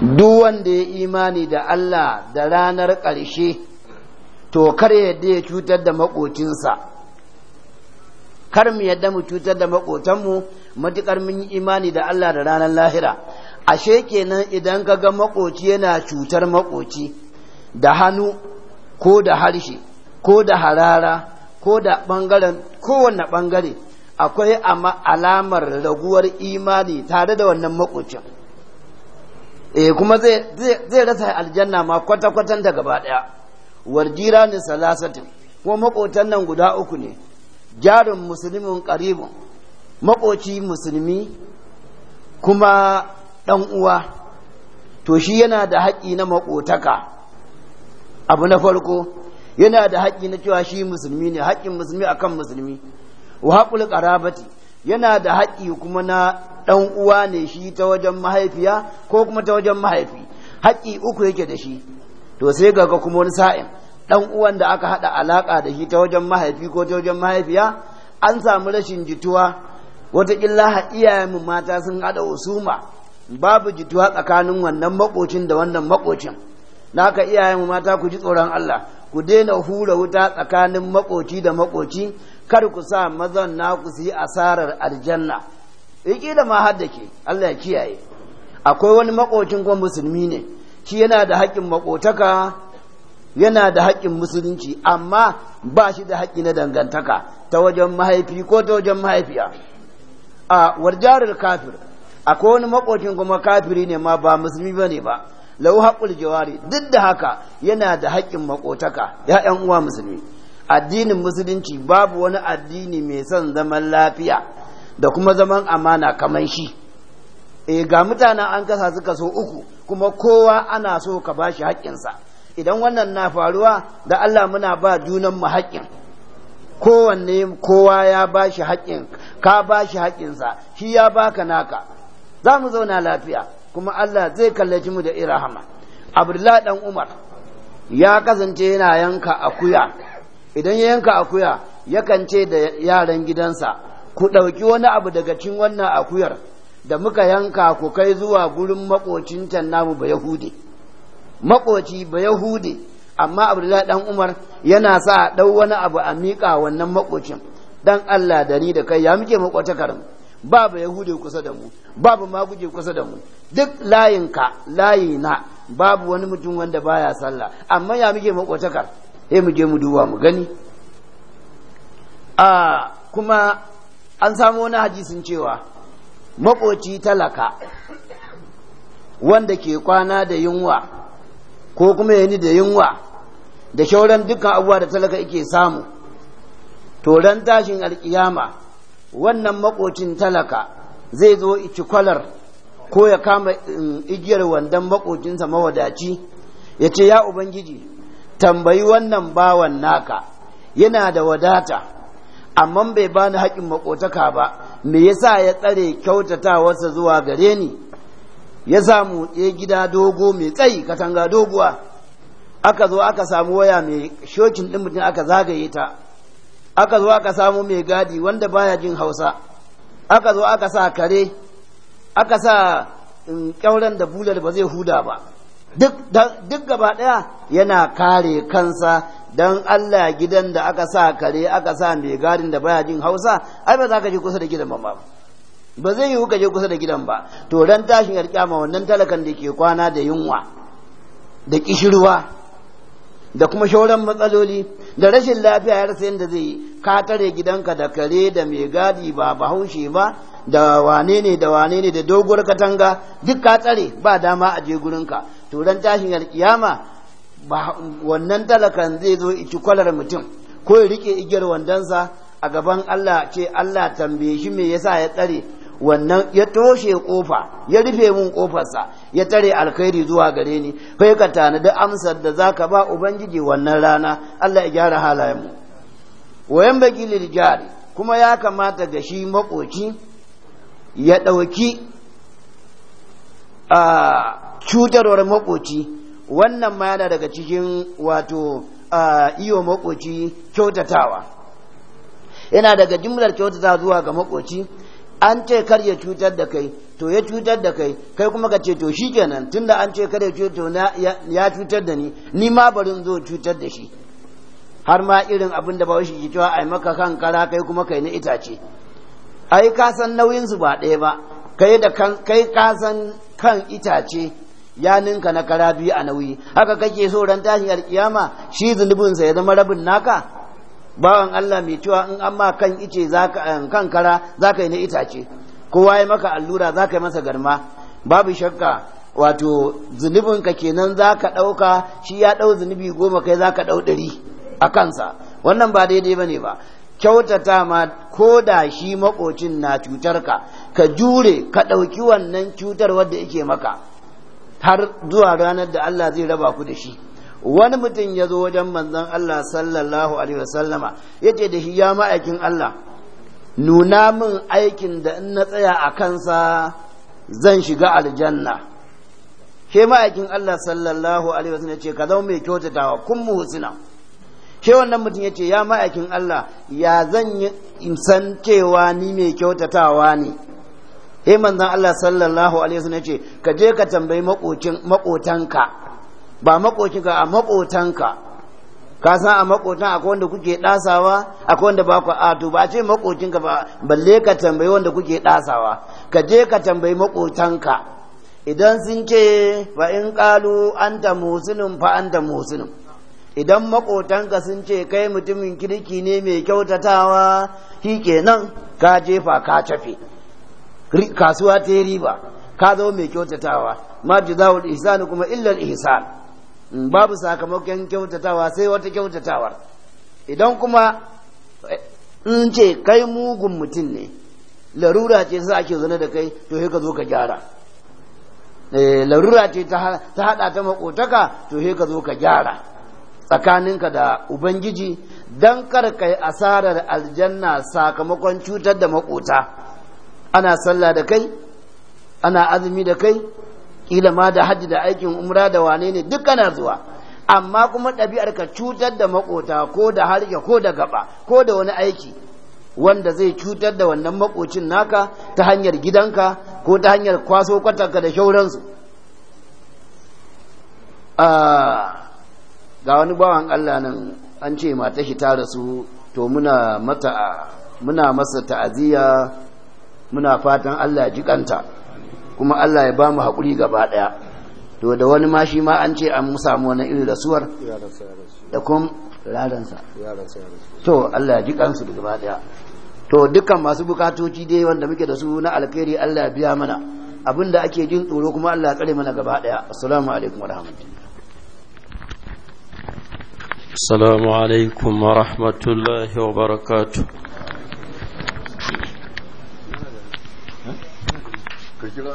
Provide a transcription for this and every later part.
duk wanda ya imani da Allah da ranar ƙarshe to kar yadda ya cutar da maƙocinsa kar mu yadda mu cutar da maƙotanmu matuƙar mun yi imani da Allah da ranar lahira ashe kenan idan ka ga maƙoci yana cutar maƙoci da hannu ko da harshe ko da harara ko da ɓangaren kowane ɓangare akwai alamar raguwar imani tare da wannan maƙocin eh kuma zai zai rasa aljanna ma kwata kwatan ta gaba daya warjira ni salasatin ko makotan nan guda uku ne jarin musulmin qaribun makoci musulmi kuma dan uwa to shi yana da haƙƙi na makotaka abu na farko yana da haƙƙi na cewa shi musulmi ne haƙƙin musulmi akan musulmi wa haƙul qarabati yana da haƙƙi kuma na ɗan uwa ne shi ta wajen mahaifiya ko kuma ta wajen mahaifi haƙƙi uku yake da shi to sai ga kuma wani sa'in ɗan uwan da aka haɗa alaƙa da shi ta wajen mahaifi ko ta wajen mahaifiya an samu rashin jituwa wataƙila iyayen mu mata sun haɗa usuma. babu jituwa tsakanin wannan maƙocin da wannan maƙocin naka iyayen mu mata ku ji tsoron Allah ku daina hura wuta tsakanin makoci da makoci kar ku sa mazan na su yi asarar aljanna da eh, ma har ke Allah ya kiyaye akwai wani makocin kuma musulmi ne shi yana da haƙƙin makotaka yana da haƙƙin musulunci amma ba shi da haƙƙi na dangantaka ta wajen mahaifi ko ta wajen mahaifiya a warjarar kafir akwai wani makocin kuma kafiri ne ma ba musulmi ba ne ba lau haƙul jawari duk da haka yana da haƙƙin makotaka ya'yan uwa musulmi addinin musulunci babu wani addini mai son zaman lafiya da kuma zaman amana kamar shi e ga mutanen an kasa suka so uku kuma kowa ana so ka ba shi haƙƙinsa idan wannan na faruwa da Allah muna ba mu haƙƙin kowanne kowa ya ba shi haƙƙin ka ba shi haƙƙinsa shi ya baka naka za mu zauna lafiya kuma Allah zai kallaci mu da irahama abdullahi dan umar ya kasance yana yanka akuya idan ya yanka akuya yakan ce da yaran gidansa ku ɗauki wani abu daga cin wannan akuyar da muka yanka ku kai zuwa gurin maƙocin namu ba Yahudi maƙoci ba Yahudi amma Abdullahi dan Umar yana sa a ɗau wani abu a miƙa wannan maƙocin dan Allah da ni da kai ya muke ba babu Yahudi kusa da mu babu maguje kusa da mu duk layinka layina, babu wani mutum wanda baya sallah amma ya muke maƙwatakar sai mu je mu duba mu gani a ah, kuma an samu wani hadisin cewa makoci talaka wanda ke kwana da yunwa ko kuma yani da yunwa da shauran dukkan abubuwa da talaka yake samu to ran tashin alkiyama wannan makocin talaka zai zo ici kwalar ko ya kama um, igiyar wandan makocinsa mawadaci ya ce ya ubangiji tambayi wannan bawan naka yana da wadata amma bai bani haƙin makotaka ba me yasa ya tsare kyautatawarsa zuwa gare ni ya samu ya gida dogo mai tsayi katanga doguwa aka zo aka samu waya mai shokin ɗin mutum aka zagaye ta aka zo aka samu mai gadi wanda baya jin hausa aka zo aka sa kare aka sa um, ƙyauren da bular ba zai huda ba duk gaba ɗaya yana kare kansa Don Allah gidan da aka sa kare aka sa mai gadin da baya jin Hausa ai ba za ka je kusa da gidan ba ba zai yiwu ka je kusa da gidan ba to ran tashin alƙiyama wannan talakan da ke kwana da yunwa da kishirwa da kuma shauran matsaloli da rashin lafiya ya rasa yadda zai ka tare gidanka da kare da mai gadi ba bahaushe ba da wane ne da wane ne da doguwar katanga duk ka tsare ba dama a je gurinka to ran tashin alƙiyama wannan talakan zai zo iki kwalar mutum ko ya rike igiyar wandonsa a gaban Allah ce Allah tambaye shi me yasa ya tsare wannan ya toshe kofa ya rufe mun kofarsa ya tare alkhairi zuwa gare ni kai ka tanadi amsar da zaka ba ubangiji wannan rana Allah ya gyara halayen mu wayan baki lil kuma ya kamata ga shi makoci ya dauki a cutarwar makoci wannan ma yana daga cikin wato iyo makoci kyautatawa yana daga jimlar kyautatawa zuwa ga makoci an ce kar ya cutar da kai to ya cutar da kai kai kuma ka ce to shi kenan tunda an ce kar ya cutar ya cutar da ni ni ma bari zo cutar da shi har ma irin abin da ba shi ke cewa ai maka kankara kai kuma kai na itace ai ka san nauyin su ba ɗaya ba kai da kan kai ka san kan itace ya ninka na kara biyu a nauyi haka kake so ran tashin alkiyama shi zunubinsa ya zama rabin naka bawan Allah mai cewa in amma kan ice eh, kan kara zaka yi na itace kowa ya maka allura zaka yi masa garma babu shakka wato zunubin ka kenan zaka ɗauka shi ya ɗau zunubi goma kai zaka ɗau ɗari a kansa wannan ba daidai bane ba kyautata ma ko da shi makocin na cutarka ka jure ka ɗauki wannan cutar wadda yake maka har zuwa ranar da Allah zai raba ku da shi wani mutum ya zo wajen manzon Allah sallallahu alaihi wasallama ya ce da shi ya ma'aikin Allah nuna min aikin da in na tsaya a kansa zan shiga aljanna ke ma'aikin Allah sallallahu alaihi wasallam ce ka zama mai kyautatawa kun muhsina ke wannan mutum ya ce ya ma'aikin Allah ya zan yi san cewa ni mai kyautatawa ne eh manzon Allah sallallahu alaihi wasallam yace ka je ka tambayi makocin makotanka ba ka a makotanka ka san a makotan akwai wanda kuke dasawa akwai wanda ba ku a ba a ce makocinka ba balle ka tambayi wanda kuke dasawa ka je ka tambayi makotanka idan sun ce fa in qalu anta muslim fa anta muslim idan makotanka sun ce kai mutumin kirki ne mai kyautatawa shikenan ka jefa ka tafi kasuwa ta yi riba ka zama mai kyautatawa ma jazawul ihsani kuma illar ihsan mm, babu sakamakon kyautatawa sai wata kyautatawar idan kuma eh, in ce kai mugun mutum ne larura ce sa ake zane da kai to sai ka zo ka gyara eh, larura ce ta hada ta makotaka to sai ka zo ka gyara tsakaninka da ubangiji don kar kai asarar aljanna sakamakon cutar da makota ana sallah da kai ana azumi da kai kila ma da hajji da aikin umra da wane ne duk kana zuwa amma kuma ɗabi'ar ka cutar da makota ko da harke ko da gaba ko da wani aiki wanda zai cutar da wannan makocin naka ta hanyar gidanka ko ta hanyar kwaso kwatanka da shauransu ah, ga wani bawan Allah nan an ce mata shi ta rasu to muna mata muna masa ta'aziyya muna fatan Allah ya jikanta kuma Allah ya ba mu haƙuri gaba ɗaya to da wani ma shi ma an ce an samu wani irin rasuwar da kuma yaransa to Allah ya jikansu gaba ɗaya to dukkan masu bukatoci dai wanda muke da su na alkhairi Allah ya biya mana abinda ake jin tsoro kuma Allah ya tsare mana gaba ɗaya assalamu alaikum wa rahmatullahi alaikum wa rahmatullahi wa barakatuh kira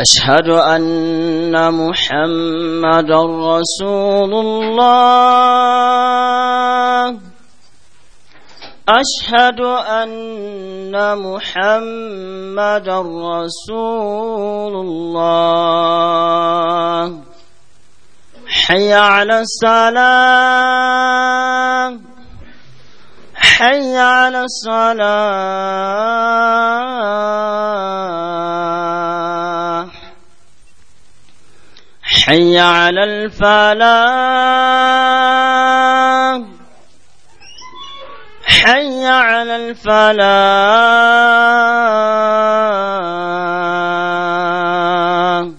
أشهد أن محمد رسول الله أشهد أن محمد رسول الله حي على السلام حي على الصلاة حي على الفلاح حي على الفلاح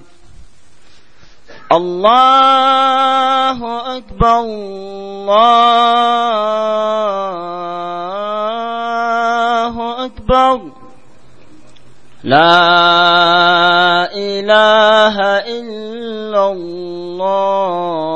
الله أكبر الله أكبر لا الله